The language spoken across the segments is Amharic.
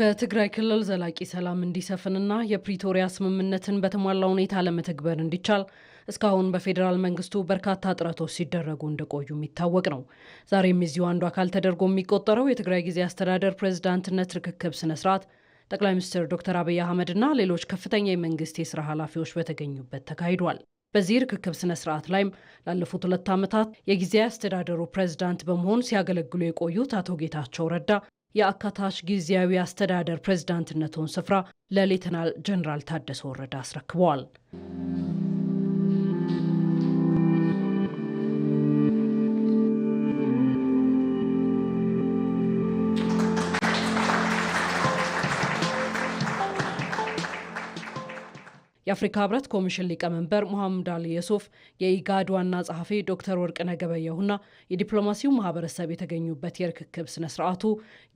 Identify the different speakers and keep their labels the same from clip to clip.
Speaker 1: በትግራይ ክልል ዘላቂ ሰላም እንዲሰፍንና የፕሪቶሪያ ስምምነትን በተሟላ ሁኔታ ለመተግበር እንዲቻል እስካሁን በፌዴራል መንግስቱ በርካታ ጥረቶች ሲደረጉ እንደቆዩ የሚታወቅ ነው። ዛሬም እዚሁ አንዱ አካል ተደርጎ የሚቆጠረው የትግራይ ጊዜ አስተዳደር ፕሬዝዳንትነት ርክክብ ስነስርዓት ጠቅላይ ሚኒስትር ዶክተር አብይ አህመድና ሌሎች ከፍተኛ የመንግስት የስራ ኃላፊዎች በተገኙበት ተካሂዷል። በዚህ ርክክብ ስነ ስርዓት ላይም ላለፉት ሁለት ዓመታት የጊዜያዊ አስተዳደሩ ፕሬዝዳንት በመሆን ሲያገለግሉ የቆዩት አቶ ጌታቸው ረዳ የአካታች ጊዜያዊ አስተዳደር ፕሬዝዳንትነቱን ስፍራ ለሌተናል ጀኔራል ታደሰ ወረደ አስረክበዋል። የአፍሪካ ህብረት ኮሚሽን ሊቀመንበር ሙሐመድ አሊ የሱፍ የኢጋድ ዋና ጸሐፊ ዶክተር ወርቅነህ ገበየሁና የዲፕሎማሲው ማህበረሰብ የተገኙበት የርክክብ ስነ ስርዓቱ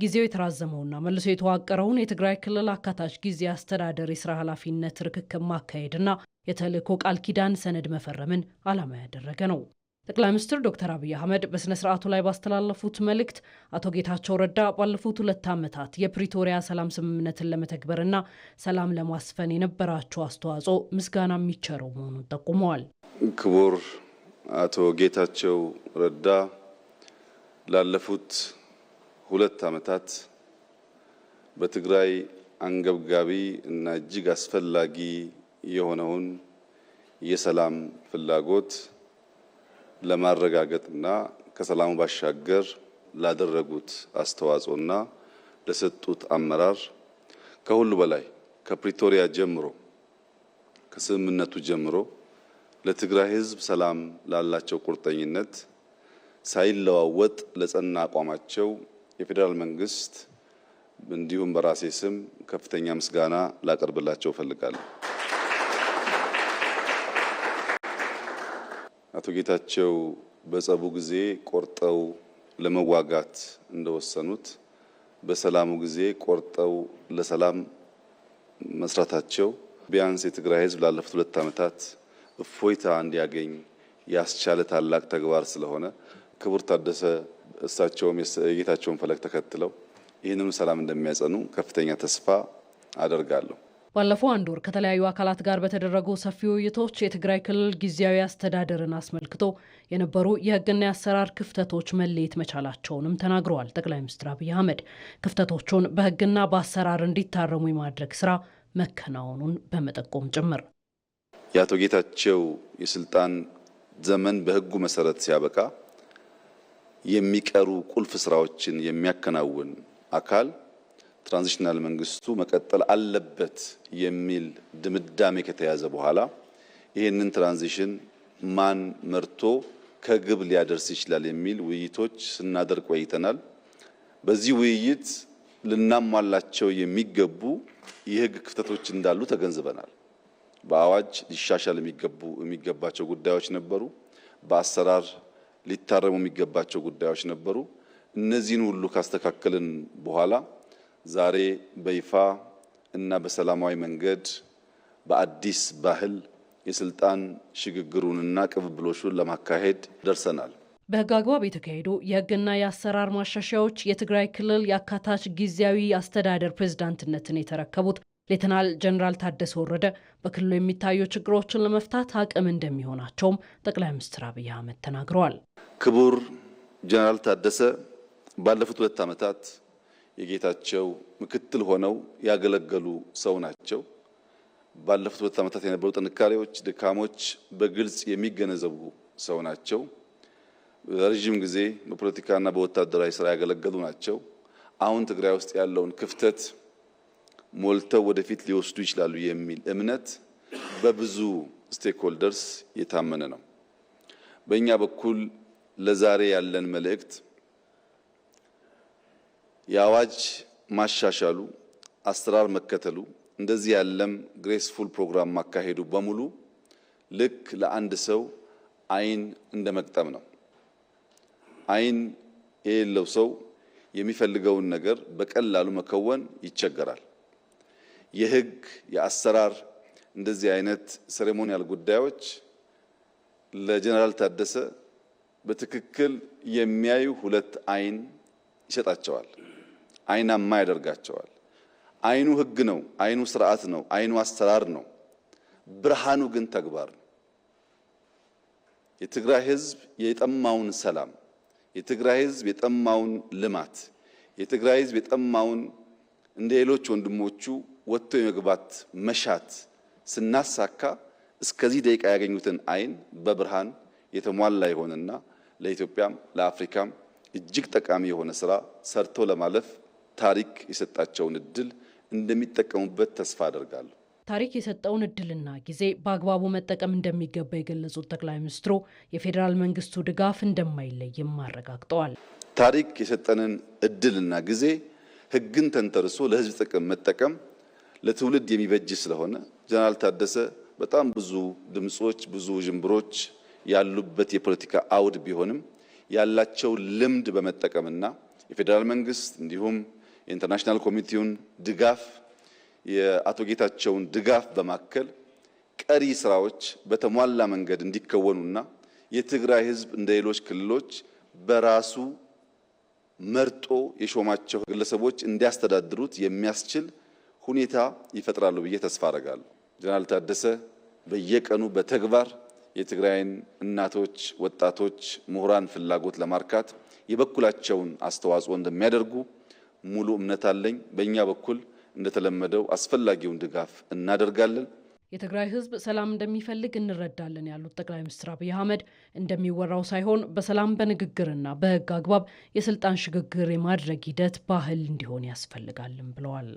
Speaker 1: ጊዜው የተራዘመውና መልሶ የተዋቀረውን የትግራይ ክልል አካታች ጊዜ አስተዳደር የስራ ኃላፊነት ርክክብ ማካሄድና የተልእኮ ቃል ኪዳን ሰነድ መፈረምን ዓላማ ያደረገ ነው። ጠቅላይ ሚኒስትር ዶክተር አብይ አህመድ በሥነ ሥርዓቱ ላይ ባስተላለፉት መልእክት አቶ ጌታቸው ረዳ ባለፉት ሁለት ዓመታት የፕሪቶሪያ ሰላም ስምምነትን ለመተግበርና ሰላም ለማስፈን የነበራቸው አስተዋጽኦ ምስጋና የሚቸረው መሆኑን ጠቁመዋል።
Speaker 2: ክቡር አቶ ጌታቸው ረዳ ላለፉት ሁለት ዓመታት በትግራይ አንገብጋቢ እና እጅግ አስፈላጊ የሆነውን የሰላም ፍላጎት ለማረጋገጥና ከሰላሙ ባሻገር ላደረጉት አስተዋጽኦና ለሰጡት አመራር ከሁሉ በላይ ከፕሪቶሪያ ጀምሮ ከስምምነቱ ጀምሮ ለትግራይ ሕዝብ ሰላም ላላቸው ቁርጠኝነት ሳይለዋወጥ ለጸና አቋማቸው የፌዴራል መንግስት እንዲሁም በራሴ ስም ከፍተኛ ምስጋና ላቀርብላቸው እፈልጋለሁ። አቶ ጌታቸው በጸቡ ጊዜ ቆርጠው ለመዋጋት እንደወሰኑት በሰላሙ ጊዜ ቆርጠው ለሰላም መስራታቸው ቢያንስ የትግራይ ሕዝብ ላለፉት ሁለት ዓመታት እፎይታ እንዲያገኝ ያስቻለ ታላቅ ተግባር ስለሆነ ክቡር ታደሰ እሳቸውም የጌታቸውን ፈለግ ተከትለው ይህንም ሰላም እንደሚያጸኑ ከፍተኛ ተስፋ አደርጋለሁ።
Speaker 1: ባለፈው አንድ ወር ከተለያዩ አካላት ጋር በተደረጉ ሰፊ ውይይቶች የትግራይ ክልል ጊዜያዊ አስተዳደርን አስመልክቶ የነበሩ የሕግና የአሰራር ክፍተቶች መለየት መቻላቸውንም ተናግረዋል። ጠቅላይ ሚኒስትር አብይ አህመድ ክፍተቶቹን በሕግና በአሰራር እንዲታረሙ የማድረግ ስራ መከናወኑን በመጠቆም ጭምር
Speaker 2: የአቶ ጌታቸው የስልጣን ዘመን በሕጉ መሰረት ሲያበቃ የሚቀሩ ቁልፍ ስራዎችን የሚያከናውን አካል ትራንዚሽናል መንግስቱ መቀጠል አለበት የሚል ድምዳሜ ከተያዘ በኋላ ይህንን ትራንዚሽን ማን መርቶ ከግብ ሊያደርስ ይችላል የሚል ውይይቶች ስናደርግ ቆይተናል። በዚህ ውይይት ልናሟላቸው የሚገቡ የህግ ክፍተቶች እንዳሉ ተገንዝበናል። በአዋጅ ሊሻሻል የሚገባቸው ጉዳዮች ነበሩ። በአሰራር ሊታረሙ የሚገባቸው ጉዳዮች ነበሩ። እነዚህን ሁሉ ካስተካከልን በኋላ ዛሬ በይፋ እና በሰላማዊ መንገድ በአዲስ ባህል የስልጣን ሽግግሩንና ቅብብሎሹን ለማካሄድ ደርሰናል።
Speaker 1: በህግ አግባብ የተካሄዱ የህግና የአሰራር ማሻሻያዎች የትግራይ ክልል የአካታች ጊዜያዊ አስተዳደር ፕሬዝዳንትነትን የተረከቡት ሌተናል ጀኔራል ታደሰ ወረደ በክልሉ የሚታዩ ችግሮችን ለመፍታት አቅም እንደሚሆናቸውም ጠቅላይ ሚኒስትር አብይ አህመድ ተናግረዋል።
Speaker 2: ክቡር ጀኔራል ታደሰ ባለፉት ሁለት ዓመታት የጌታቸው ምክትል ሆነው ያገለገሉ ሰው ናቸው። ባለፉት ሁለት ዓመታት የነበሩ ጥንካሬዎች፣ ድካሞች በግልጽ የሚገነዘቡ ሰው ናቸው። ረዥም ጊዜ በፖለቲካና በወታደራዊ ስራ ያገለገሉ ናቸው። አሁን ትግራይ ውስጥ ያለውን ክፍተት ሞልተው ወደፊት ሊወስዱ ይችላሉ የሚል እምነት በብዙ ስቴክሆልደርስ የታመነ ነው። በእኛ በኩል ለዛሬ ያለን መልእክት የአዋጅ ማሻሻሉ አሰራር መከተሉ እንደዚህ ያለም ግሬስፉል ፕሮግራም ማካሄዱ በሙሉ ልክ ለአንድ ሰው አይን እንደ መቅጠም ነው። አይን የሌለው ሰው የሚፈልገውን ነገር በቀላሉ መከወን ይቸገራል። የህግ የአሰራር እንደዚህ አይነት ሴሬሞኒያል ጉዳዮች ለጀነራል ታደሰ በትክክል የሚያዩ ሁለት አይን ይሰጣቸዋል። አይናማ ያደርጋቸዋል። አይኑ ህግ ነው፣ አይኑ ስርዓት ነው፣ አይኑ አሰራር ነው። ብርሃኑ ግን ተግባር ነው። የትግራይ ህዝብ የጠማውን ሰላም፣ የትግራይ ህዝብ የጠማውን ልማት፣ የትግራይ ህዝብ የጠማውን እንደ ሌሎች ወንድሞቹ ወጥቶ የመግባት መሻት ስናሳካ እስከዚህ ደቂቃ ያገኙትን አይን በብርሃን የተሟላ የሆነና ለኢትዮጵያም ለአፍሪካም እጅግ ጠቃሚ የሆነ ስራ ሰርቶ ለማለፍ ታሪክ የሰጣቸውን እድል እንደሚጠቀሙበት ተስፋ አደርጋለሁ።
Speaker 1: ታሪክ የሰጠውን እድልና ጊዜ በአግባቡ መጠቀም እንደሚገባ የገለጹት ጠቅላይ ሚኒስትሩ የፌዴራል መንግስቱ ድጋፍ እንደማይለይም አረጋግጠዋል።
Speaker 2: ታሪክ የሰጠንን እድልና ጊዜ ህግን ተንተርሶ ለህዝብ ጥቅም መጠቀም ለትውልድ የሚበጅ ስለሆነ ጀነራል ታደሰ በጣም ብዙ ድምጾች፣ ብዙ ዥንብሮች ያሉበት የፖለቲካ አውድ ቢሆንም ያላቸው ልምድ በመጠቀምና የፌዴራል መንግስት እንዲሁም የኢንተርናሽናል ኮሚኒቲውን ድጋፍ የአቶ ጌታቸውን ድጋፍ በማከል ቀሪ ስራዎች በተሟላ መንገድ እንዲከወኑና የትግራይ ህዝብ እንደ ሌሎች ክልሎች በራሱ መርጦ የሾማቸው ግለሰቦች እንዲያስተዳድሩት የሚያስችል ሁኔታ ይፈጥራሉ ብዬ ተስፋ አረጋለሁ። ጀነራል ታደሰ በየቀኑ በተግባር የትግራይን እናቶች፣ ወጣቶች፣ ምሁራን ፍላጎት ለማርካት የበኩላቸውን አስተዋጽኦ እንደሚያደርጉ ሙሉ እምነት አለኝ። በእኛ በኩል እንደተለመደው አስፈላጊውን ድጋፍ እናደርጋለን።
Speaker 1: የትግራይ ህዝብ ሰላም እንደሚፈልግ እንረዳለን ያሉት ጠቅላይ ሚኒስትር አብይ አህመድ እንደሚወራው ሳይሆን በሰላም በንግግርና በህግ አግባብ የስልጣን ሽግግር የማድረግ ሂደት ባህል እንዲሆን ያስፈልጋልም ብለዋል።